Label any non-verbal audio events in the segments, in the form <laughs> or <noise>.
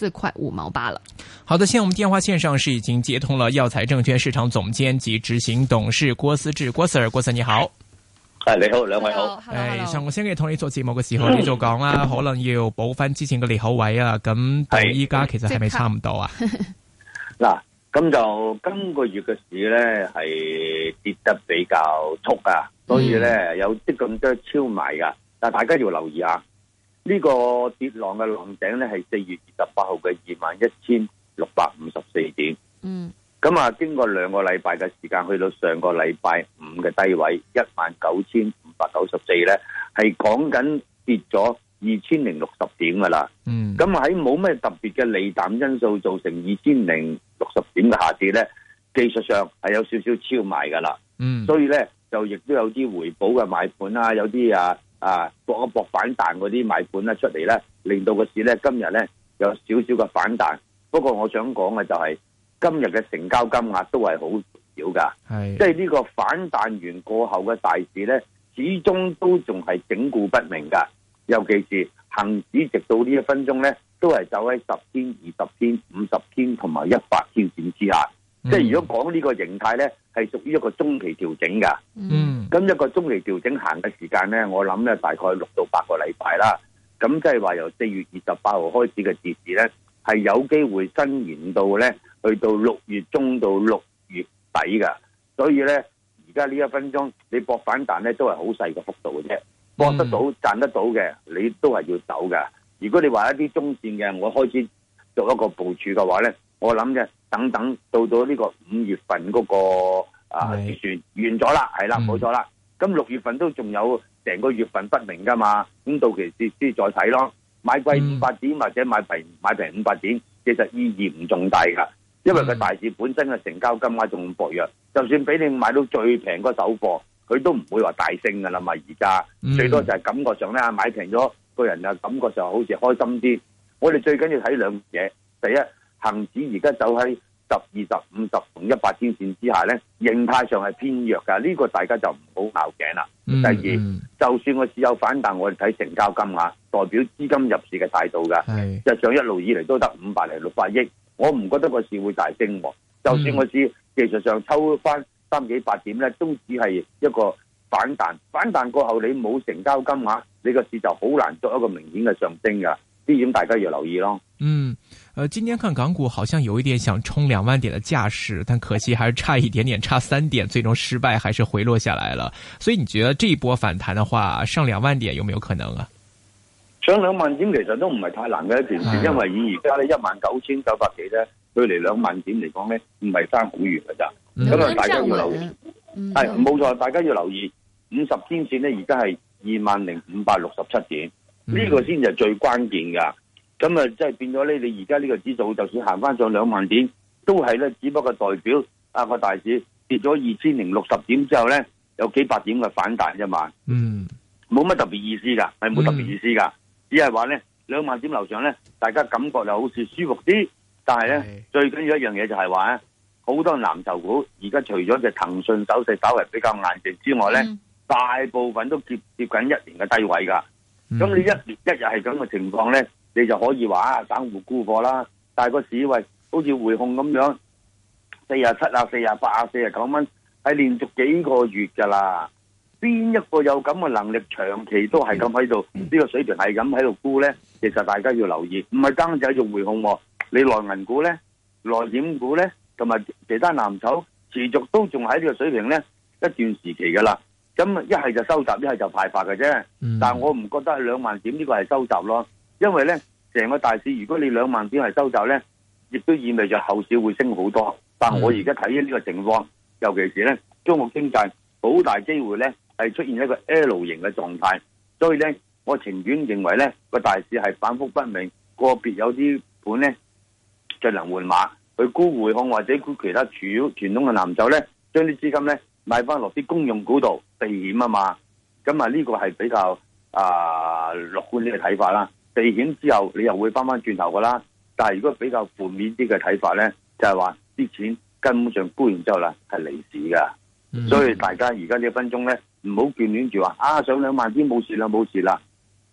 四塊五毛八了。好的，現在我們電話線上是已經接通了耀才證券市場總監及執行董事郭思治郭 Sir，郭 Sir 你好。誒、啊，你好，兩位好。誒、哎，上個星期同你做節目嘅時候、嗯，你就講啦、啊，可能要補翻之前嘅裂口位啊。咁到依家其實係咪差唔多啊？嗱，咁 <laughs> 就今、這個月嘅市咧係跌得比較速啊、嗯，所以咧有啲咁多超賣噶，但係大家要留意啊。呢、這個跌浪嘅浪頂咧，係四月二十八號嘅二萬一千六百五十四點。嗯，咁啊，經過兩個禮拜嘅時間，去到上個禮拜五嘅低位一萬九千五百九十四咧，係講緊跌咗二千零六十點噶啦。嗯，咁喺冇咩特別嘅利淡因素造成二千零六十點嘅下跌咧，技術上係有少少超賣噶啦。嗯，所以咧就亦都有啲回補嘅買盤啦，有啲啊。啊，搏一搏反彈嗰啲買盤咧，出嚟咧，令到個市咧今日咧有少少嘅反彈。不過我想講嘅就係、是、今日嘅成交金額都係好少㗎，係即係呢個反彈完過後嘅大市咧，始終都仲係整固不明㗎。尤其是恒指直到呢一分鐘咧，都係走喺十天、二十天、五十天同埋一百天線之下。嗯、即係如果講呢個形態咧，係屬於一個中期調整噶。嗯，咁一個中期調整行嘅時間咧，我諗咧大概六到八個禮拜啦。咁即係話由四月二十八號開始嘅截止咧，係有機會伸延到咧，去到六月中到六月底噶。所以咧，而家呢一分鐘你搏反彈咧都係好細個幅度嘅啫。搏得到賺得到嘅，你都係要走嘅。如果你話一啲中線嘅，我開始做一個部署嘅話咧。我諗嘅，等等到到呢個五月份嗰、嗰個啊結算完咗啦，係啦，冇錯啦。咁六月份都仲有成個月份不明噶嘛，咁到期時先再睇咯。買貴五百點或者買平買平五百點，其實意義唔重大噶，因為佢大市本身嘅成交金額仲薄弱，就算俾你買到最平嗰首貨，佢都唔會話大升噶啦嘛。而家、嗯、最多就係感覺上咧，買平咗個人就感覺上好似開心啲。我哋最緊要睇兩嘢，第一。恒指而家走喺十二、十五、十同一百天線之下咧，形態上係偏弱㗎。呢個大家就唔好拗頸啦。第二，就算個市有反彈，我哋睇成交金額，代表資金入市嘅態度㗎。就上一路以嚟都得五百零六百億，我唔覺得個市會大升。就算我市、嗯、技術上抽翻三幾百點咧，都只係一個反彈。反彈過後你冇成交金額，你個市就好難作一個明顯嘅上升㗎。呢點大家要留意咯。嗯。呃，今天看港股，好像有一點想衝兩萬點的架勢，但可惜還是差一點點，差三點，最終失敗，還是回落下來了。所以你覺得這一波反彈的話，上兩萬點有沒有可能啊？上兩萬點其實都唔係太難嘅一件事，是因為以而家呢一萬九千九百幾呢，距離兩萬點嚟講呢，唔係差好遠噶咋。咁、嗯、啊，大家要留意，係、嗯、冇錯，大家要留意五十天線呢而家係二萬零五百六十七點，呢、這個先至最關鍵噶。咁啊，即係變咗咧！你而家呢個指數，就算行返上兩萬點，都係咧，只不過代表啊個大市跌咗二千零六十點之後咧，有幾百點嘅反彈一萬。嗯，冇乜特別意思㗎，係、嗯、冇特別意思㗎，只係話咧兩萬點樓上咧，大家感覺就好似舒服啲。但係咧，最緊要一樣嘢就係話咧，好多藍籌股而家除咗隻騰訊走勢稍微比較硬淨之外咧、嗯，大部分都接接近一年嘅低位㗎。咁、嗯、你一年一日係咁嘅情況咧？你就可以話等戶沽貨啦，但係個市喂，好似回控咁樣，四廿七啊、四廿八啊、四廿九蚊，係連續幾個月噶啦。邊一個有咁嘅能力長期都係咁喺度？呢個水平係咁喺度沽咧？其實大家要留意，唔係爭仔係做回控。你內銀股咧、內險股咧，同埋其他藍籌持續都仲喺呢個水平咧一段時期噶啦。咁一係就收集，一係就派發嘅啫。但係我唔覺得係兩萬點呢個係收集咯。因為咧，成個大市如果你兩萬點係收走咧，亦都意味着後市會升好多。但我而家睇緊呢個情況，尤其是咧，中國經濟好大機會咧係出現一個 L 型嘅狀態，所以咧，我情願認為咧個大市係反覆不明，個別有啲盤咧盡量換馬去沽匯控或者沽其他主要傳統嘅藍籌咧，將啲資金咧買翻落啲公用股度避險啊嘛。咁啊，呢個係比較啊樂觀嘅睇法啦。危險之後，你又會翻翻轉頭噶啦。但係如果比較負面啲嘅睇法咧，就係話啲錢根本上搬完之後啦，係離市噶。Mm-hmm. 所以大家而家呢一分鐘咧，唔好眷戀住話啊，上兩萬點冇事啦，冇事啦。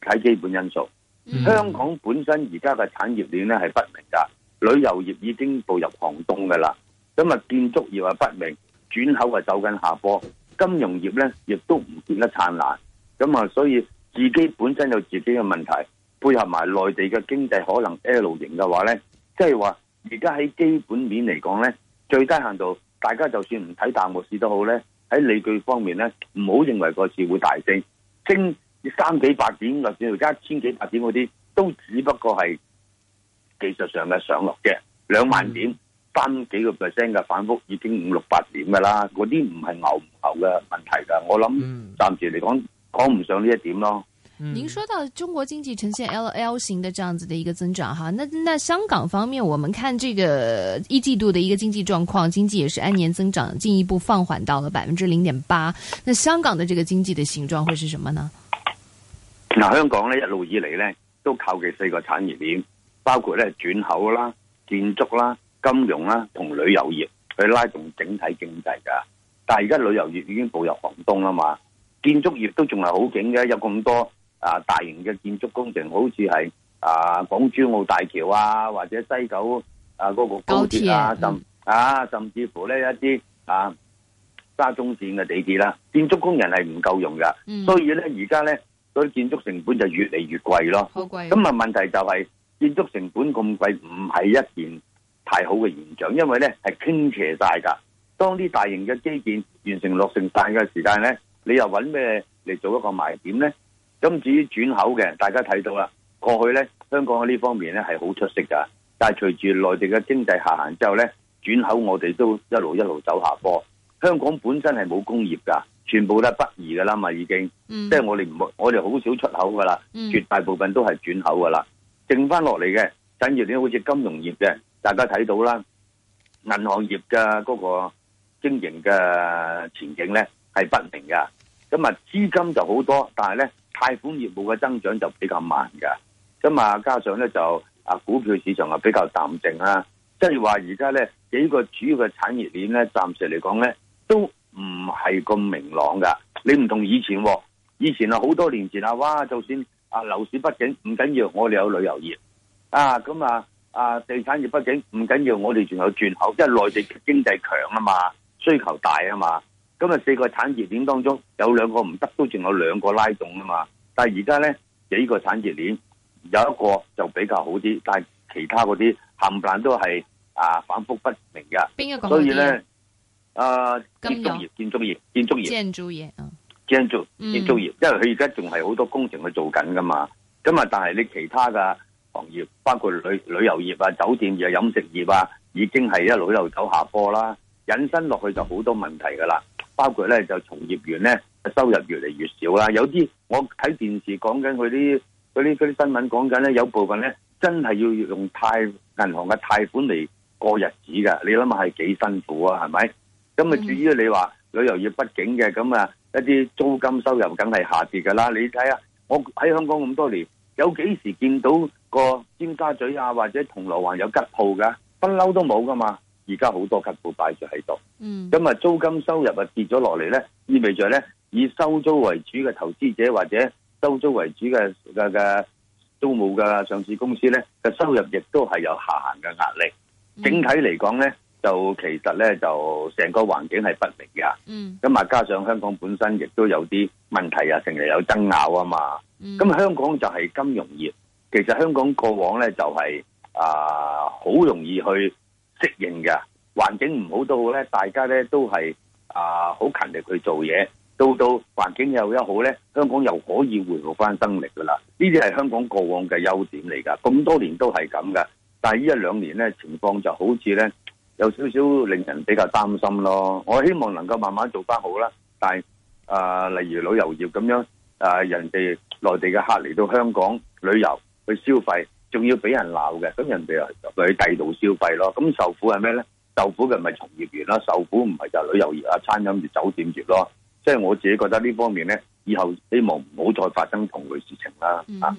睇基本因素，mm-hmm. 香港本身而家嘅產業鏈咧係不明噶。旅遊業已經步入寒冬噶啦。咁啊，建築業係不明，轉口係走緊下坡，金融業咧亦都唔見得燦爛。咁啊，所以自己本身有自己嘅問題。配合埋內地嘅經濟，可能 L 型嘅話咧，即係話而家喺基本面嚟講咧，最低限度大家就算唔睇大淡市都好咧，喺理據方面咧，唔好認為個市會大升，升三幾百點或者一千幾百點嗰啲，都只不過係技術上嘅上落嘅。兩萬點三幾個 percent 嘅反覆，已經五六百點嘅啦，嗰啲唔係牛唔牛嘅問題㗎。我諗暫時嚟講講唔上呢一點咯。嗯、您說到中國經濟呈現 L L 型的這樣子的一個增長，哈，那那香港方面，我們看這個一季度的一個經濟狀況，經濟也是按年增長進一步放緩到了百分之零點八。那香港的這個經濟的形狀會是什麼呢？嗱、啊，香港呢一路以嚟呢，都靠佢四個產業鏈，包括呢轉口啦、建築啦、金融啦同旅遊業去拉動整體經濟噶。但係而家旅遊業已經步入寒冬啦嘛，建築業都仲係好景嘅，有咁多。啊！大型嘅建築工程好似係啊，港珠澳大橋啊，或者西九啊嗰、嗰個高鐵啊，鐵甚啊，甚至乎呢一啲啊沙中綫嘅地鐵啦、啊，建築工人係唔夠用噶、嗯，所以呢而家呢嗰啲建築成本就越嚟越貴咯。好貴！咁啊，問題就係建築成本咁貴，唔係一件太好嘅現象，因為呢係傾斜晒噶。當啲大型嘅基建完成落成晒嘅時間呢，你又揾咩嚟做一個賣點呢？咁至於轉口嘅，大家睇到啦。過去咧，香港喺呢方面咧係好出色㗎。但係隨住內地嘅經濟下行之後咧，轉口我哋都一路一路走下坡。香港本身係冇工業㗎，全部都係北移㗎啦嘛，已經。即、嗯、係、就是、我哋唔我哋好少出口㗎啦、嗯，絕大部分都係轉口㗎啦。剩返落嚟嘅，等如啲好似金融業嘅，大家睇到啦，銀行業嘅嗰個經營嘅前景咧係不明㗎。咁啊，資金就好多，但係咧。貸款業務嘅增長就比較慢噶，咁啊加上咧就啊股票市場啊比較淡靜啦，即係話而家咧幾個主要嘅產業鏈咧，暫時嚟講咧都唔係咁明朗噶。你唔同以前、哦，以前啊好多年前啊，哇就算啊樓市不景唔緊要，我哋有旅遊業啊，咁啊啊地產業不景唔緊要，我哋仲有轉口，因為內地經濟強啊嘛，需求大啊嘛。今日四個產業鏈當中有兩個唔得，都仲有兩個拉動噶嘛！但係而家咧幾個產業鏈有一個就比較好啲，但係其他嗰啲冚唪唥都係啊反覆不明噶。邊個？所以咧、呃，啊，建築業、建築業、建築業，建築業，建築業，因為佢而家仲係好多工程去做緊噶嘛。咁、嗯、啊，但係你其他嘅行業，包括旅旅遊業啊、酒店業、啊、飲食業啊，已經係一路一路走下坡啦，引申落去就好多問題噶啦。包括咧就從業員咧收入越嚟越少啦，有啲我睇電視講緊佢啲佢啲啲新聞講緊咧有部分咧真係要用貸銀行嘅貸款嚟過日子嘅，你諗下係幾辛苦啊？係咪？咁啊，至於你話旅遊業不景嘅，咁啊一啲租金收入梗係下跌噶啦。你睇下我喺香港咁多年，有幾時見到個尖沙咀啊或者銅鑼灣有吉鋪嘅？不嬲都冇噶嘛。而家好多客戶擺住喺度，咁、嗯、啊租金收入啊跌咗落嚟咧，意味着咧以收租為主嘅投資者或者收租為主嘅嘅嘅租務嘅上市公司咧嘅收入亦都係有下行嘅壓力。嗯、整體嚟講咧，就其實咧就成個環境係不明噶，咁、嗯、啊加上香港本身亦都有啲問題啊，成日有爭拗啊嘛。咁、嗯、香港就係金融業，其實香港過往咧就係啊好容易去適應嘅環境唔好都好咧，大家咧都係啊好勤力去做嘢，到到環境又一好咧，香港又可以恢復翻生力噶啦。呢啲係香港過往嘅優點嚟噶，咁多年都係咁噶。但係呢一兩年咧情況就好似咧有少少令人比較擔心咯。我希望能夠慢慢做翻好啦，但係啊例如旅遊業咁樣，啊，人哋內地嘅客嚟到香港旅遊去消費。仲要俾人鬧嘅，咁人哋又去第度消費咯。咁受苦係咩咧？受苦嘅咪從業員咯，受苦唔係就係旅遊業啊、餐飲業、酒店業咯。即係我自己覺得呢方面咧，以後希望唔好再發生同類事情啦。啊，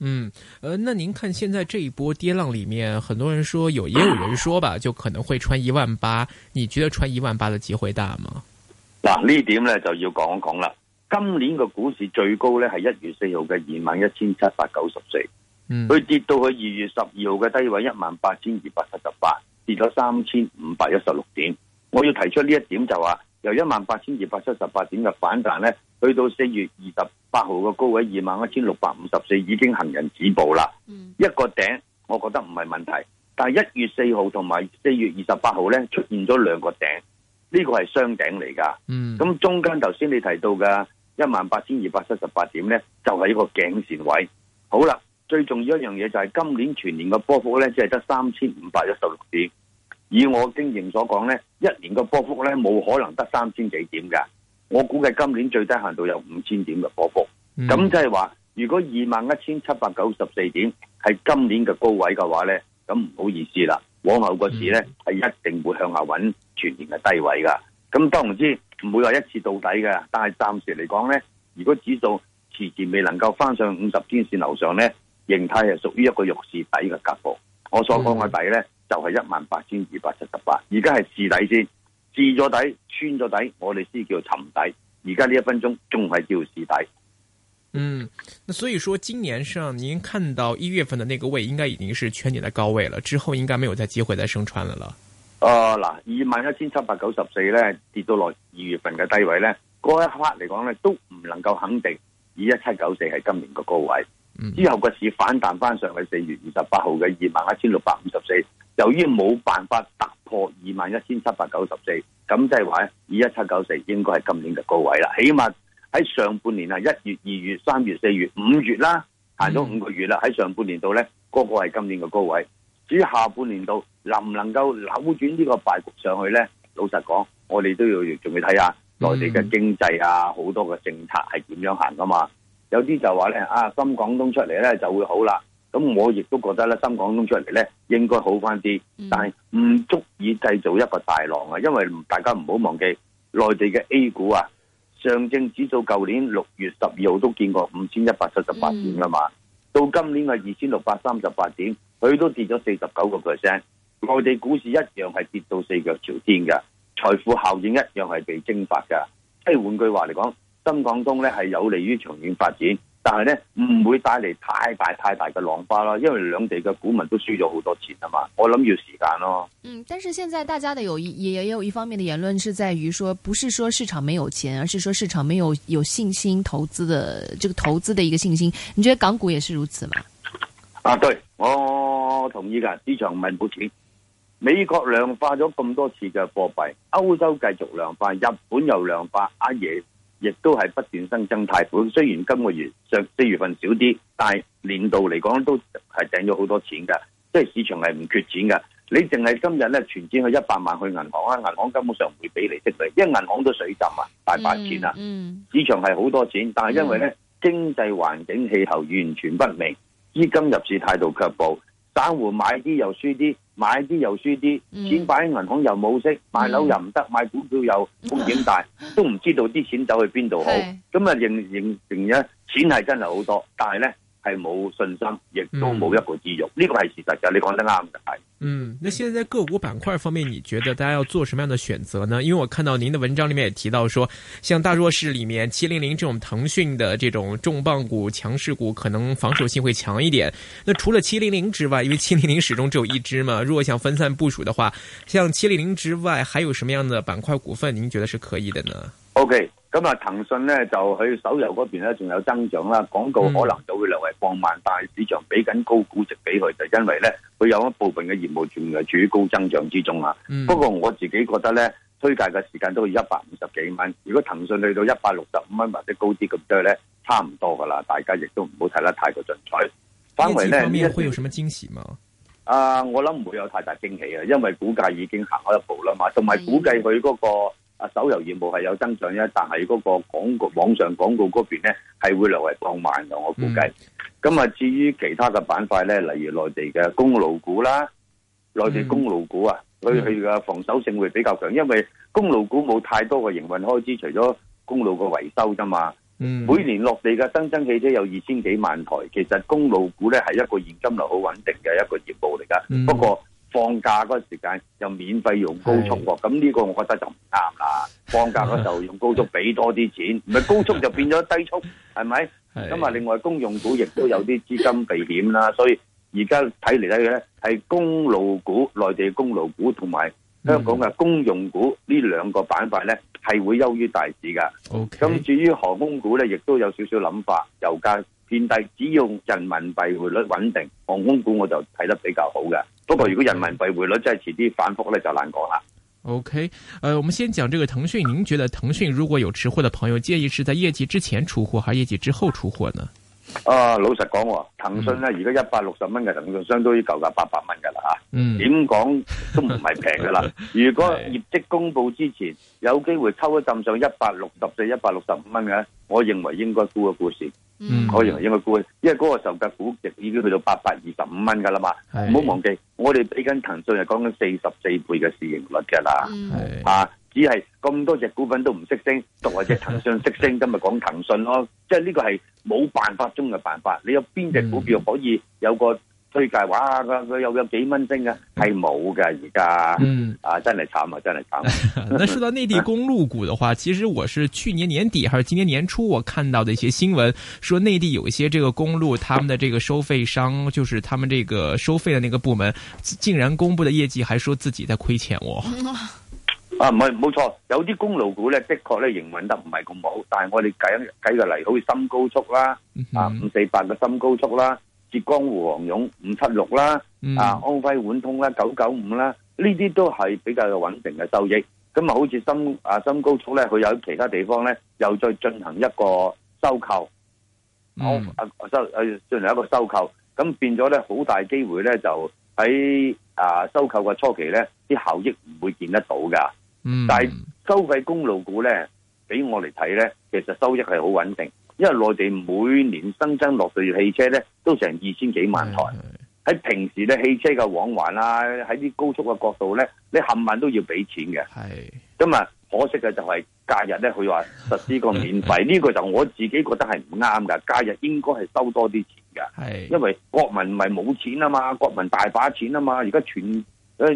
嗯，誒、嗯呃，那您看現在這一波跌浪裏面，很多人說有也有人說吧、嗯，就可能會穿一萬八，你覺得穿一萬八嘅機會大嗎？嗱、啊，這點呢點咧就要講一講啦。今年嘅股市最高咧係一月四號嘅二萬一千七百九十四。佢、嗯、跌到去二月十二號嘅低位一萬八千二百七十八，跌咗三千五百一十六點。我要提出呢一點就話，由一萬八千二百七十八點嘅反彈咧，去到四月二十八號嘅高位二萬一千六百五十四，已經行人止步啦、嗯。一個頂我覺得唔係問題，但係一月四號同埋四月二十八號咧出現咗兩個頂，呢、這個係雙頂嚟噶咁、嗯、中間頭先你提到嘅一萬八千二百七十八點咧，就係、是、一個頸線位。好啦。最重要一樣嘢就係今年全年嘅波幅咧，只係得三千五百一十六點。以我經驗所講咧，一年嘅波幅咧冇可能得三千幾點㗎。我估計今年最低限度有五千點嘅波幅。咁即係話，如果二萬一千七百九十四點係今年嘅高位嘅話咧，咁唔好意思啦。往後個市咧係一定會向下揾全年嘅低位㗎。咁當然之唔會話一次到底嘅，但係暫時嚟講咧，如果指數遲遲未能夠翻上五十天線樓上咧，形態係屬於一個弱勢底嘅格局。我所講嘅底呢、嗯，就係一萬八千二百七十八。而家係試底先，試咗底穿咗底，我哋先叫沉底。而家呢一分鐘仲係叫試底。嗯，那所以說今年上，您看到一月份嘅那個位，應該已經是全年嘅高位了，之後應該沒有再機會再升穿嘅啦。哦、啊，嗱，二萬一千七百九十四呢，跌到落二月份嘅低位呢，嗰一刻嚟講呢，都唔能夠肯定以一七九四係今年嘅高位。嗯、之後個市反彈翻上去，四月二十八號嘅二萬一千六百五十四，由於冇辦法突破二萬一千七百九十四，咁即係話二一七九四應該係今年嘅高位啦。起碼喺上半年啊，一月、二月、三月、四月、五月啦，行咗五個月啦，喺上半年度呢，那個個係今年嘅高位。至於下半年度能唔能夠扭轉呢個敗局上去呢？老實講，我哋都要仲要睇下內地嘅經濟啊，好多嘅政策係點樣行噶嘛。有啲就話咧，啊，深廣東出嚟咧就會好啦。咁我亦都覺得咧，深廣東出嚟咧應該好翻啲、嗯，但係唔足以製造一個大浪啊。因為大家唔好忘記，內地嘅 A 股啊，上證指數舊年六月十二號都見過五千一百七十八點㗎嘛、嗯，到今年係二千六百三十八點，佢都跌咗四十九個 percent。內地股市一樣係跌到四腳朝天嘅，財富效應一樣係被蒸發㗎。即係換句話嚟講。深港通咧係有利於長遠發展，但係咧唔會帶嚟太大太大嘅浪花咯，因為兩地嘅股民都輸咗好多錢啊嘛。我諗要時間咯。嗯，但是現在大家嘅有一也有一方面的言論是在於說，說不是說市場沒有錢，而是說市場沒有有信心投資的這個投資的一個信心。你覺得港股也是如此嗎？啊、嗯，對，我同意㗎。市場唔係冇錢，美國量化咗咁多次嘅貨幣，歐洲繼續量化，日本又量化，阿爺，亦都係不斷新增貸款，雖然今個月上四月份少啲，但係年度嚟講都係掟咗好多錢嘅，即係市場係唔缺錢嘅。你淨係今日咧存錢去一百萬去銀行啊，銀行根本上唔會俾利息你，因為銀行都水浸啊，大把錢啊，嗯嗯、市場係好多錢，但係因為咧、嗯、經濟環境氣候完全不明，資金入市態度卻步，散戶買啲又輸啲。買啲又輸啲，錢擺喺銀行又冇息、嗯，買樓又唔得，買股票又風險大， <laughs> 都唔知道啲錢走去邊度好。咁啊，仍仍仍然，仍然錢係真係好多，但係咧。係冇信心，亦都冇一個意欲，呢、嗯這個係事實嘅，你講得啱嘅係。嗯，那現在個股板塊方面，你覺得大家要做什麼樣的選擇呢？因為我看到您的文章裏面也提到說，像大弱勢裏面七零零這種騰訊的這種重磅股、強勢股，可能防守性會強一點。那除了七零零之外，因為七零零始終只有一隻嘛，如果想分散部署的話，像七零零之外，還有什麼樣的板塊股份，您覺得是可以的呢？O K。Okay. 咁、嗯、啊，騰訊咧就佢手遊嗰邊咧仲有增長啦，廣告可能就會略為放慢，但係市場俾緊高估值俾佢，就是、因為咧佢有一部分嘅業務仲係處於高增長之中啊、嗯。不過我自己覺得咧，推介嘅時間都係一百五十幾蚊，如果騰訊去到一百六十五蚊或者高啲咁多咧，差唔多噶啦。大家亦都唔好睇得太過進取。範圍咧，會有什麼驚喜嗎？啊、呃，我諗唔會有太大驚喜啊，因為股價已經行開一步啦嘛，同埋估計佢嗰個。啊，手遊業務係有增長啫，但係嗰個廣告，網上廣告嗰邊咧係會略為放慢咯，我估計。咁、嗯、啊，至於其他嘅板塊咧，例如內地嘅公路股啦、嗯，內地公路股啊，佢佢嘅防守性會比較強，因為公路股冇太多嘅營運開支，除咗公路嘅維修啫嘛、嗯。每年落地嘅新增汽車有二千幾萬台，其實公路股咧係一個現金流好穩定嘅一個業務嚟噶、嗯，不過。放假嗰個時間又免費用高速喎、啊，咁呢個我覺得就唔啱啦。放假嗰時候用高速俾多啲錢，唔 <laughs> 係高速就變咗低速，係 <laughs> 咪？咁啊，另外公用股亦都有啲資金避險啦、啊，所以而家睇嚟睇去咧，係公路股、內地公路股同埋香港嘅公用股呢兩個板塊咧，係會優於大市噶。咁 <laughs> 至於航空股咧，亦都有少少諗法，油價。現第只要人民幣匯率穩定，航空股我就睇得比較好嘅。不過如果人民幣匯率真係遲啲反復咧，就難講啦。O K，誒，我們先講這個騰訊。您覺得騰訊如果有持貨嘅朋友，建議是在業績之前出貨，還是業績之後出貨呢？啊，老實講喎，騰訊呢，而家一百六十蚊嘅騰訊，相當於舊價八百蚊嘅啦吓。嗯。點講都唔係平嘅啦。 <laughs> 如果業績公布之前，有機會抽一浸上一百六十四、一百六十五蚊嘅，我認為應該沽嘅股市。嗯、mm-hmm.，我認為應該沽，因為嗰個時候估值已經去到八百二十五蚊㗎啦嘛，唔好忘記，我哋畀緊騰訊係講緊四十四倍嘅市盈率㗎啦，mm-hmm. 啊，只係咁多隻股份都唔識升，獨係隻騰訊識升，今日講騰訊咯，即係呢個係冇辦法中嘅辦法，你有邊隻股票可以有個？推介話佢佢有有幾蚊升啊？係冇噶而家，啊真係慘啊！真係慘，啊。慘啊。 <laughs> <laughs> 那說到內地公路股的話，其實我是去年年底還是今年年初，我看到的一些新聞，說內地有一些這個公路，他們的這個收費商，就是他們這個收費的那個部門，竟然公布的業績，還說自己在虧錢哦。啊，唔係冇錯，有啲公路股咧，的確咧，營運得唔係咁好。但係我哋計計個例，好似深高速啦，啊，五四八嘅深高速啦。嗯浙江滬杭甬五七六啦、嗯，啊安徽皖通啦九九五啦，呢啲都係比較有穩定嘅收益。咁啊，好似深啊深高速咧，佢有其他地方咧，又再進行一個收購，嗯、啊收啊進行一個收購，咁變咗咧好大機會咧，就喺啊收購嘅初期咧，啲效益唔會見得到噶、嗯。但係收費公路股咧，俾我嚟睇咧，其實收益係好穩定。因為內地每年新增落地汽車咧，都成二千幾萬台。喺平時咧，汽車嘅往還啦、啊，喺啲高速嘅角度咧，你冚唪唥都要俾錢嘅。係咁啊！可惜嘅就係假日咧，佢話實施個免費，呢 <laughs> 個就我自己覺得係唔啱噶。假日應該係收多啲錢噶。係因為國民唔係冇錢啊嘛，國民大把錢啊嘛，而家全。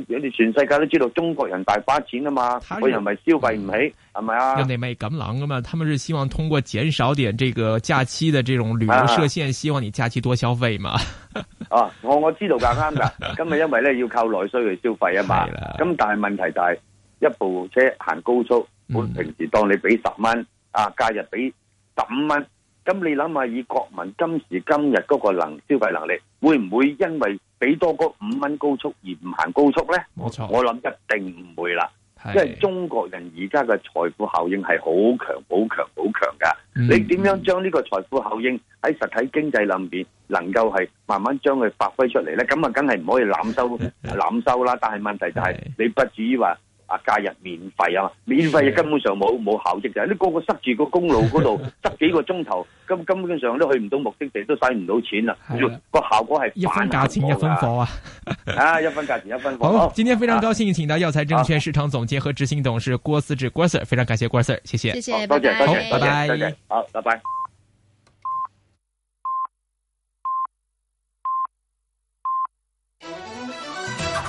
因有，全世界都知道中國人大把錢啊嘛，佢又咪消費唔起，係咪啊？人哋咪咁諗噶嘛，他們係希望通過減少點呢個假期嘅呢種旅遊設限，希望你假期多消費嘛？啊我我知道架啱噶，今日因為咧要靠內需去消費啊嘛。咁但係問題就係一部車行高速，我平時當你俾十蚊，啊假日俾十五蚊，咁你諗下以國民今時今日嗰個能消費能力，會唔會因為？幾多個五蚊高速而唔行高速呢？冇錯，我諗一定唔會啦。因為中國人而家嘅財富效應係好強、好強、好強噶。你點樣將呢個財富效應喺實體經濟裏面能夠係慢慢將佢發揮出嚟呢？咁啊，梗係唔可以濫收濫收啦。但係問題就係，你不至於話。假日免費啊嘛，免費根本上冇冇效益就係，你個個塞住個公路嗰度，塞幾個鐘頭，咁根本上都去唔到目的地，都使唔到錢，了錢啊！個效果係一分價錢一分貨啊！啊，一分價錢一分貨。好，今天非常高興，請到耀才證券市場總監和執行董事、啊、郭思治郭 Sir，非常感謝郭 Sir，謝謝，好，再見，拜拜，好，謝謝好，拜拜。拜拜，謝謝謝謝謝謝。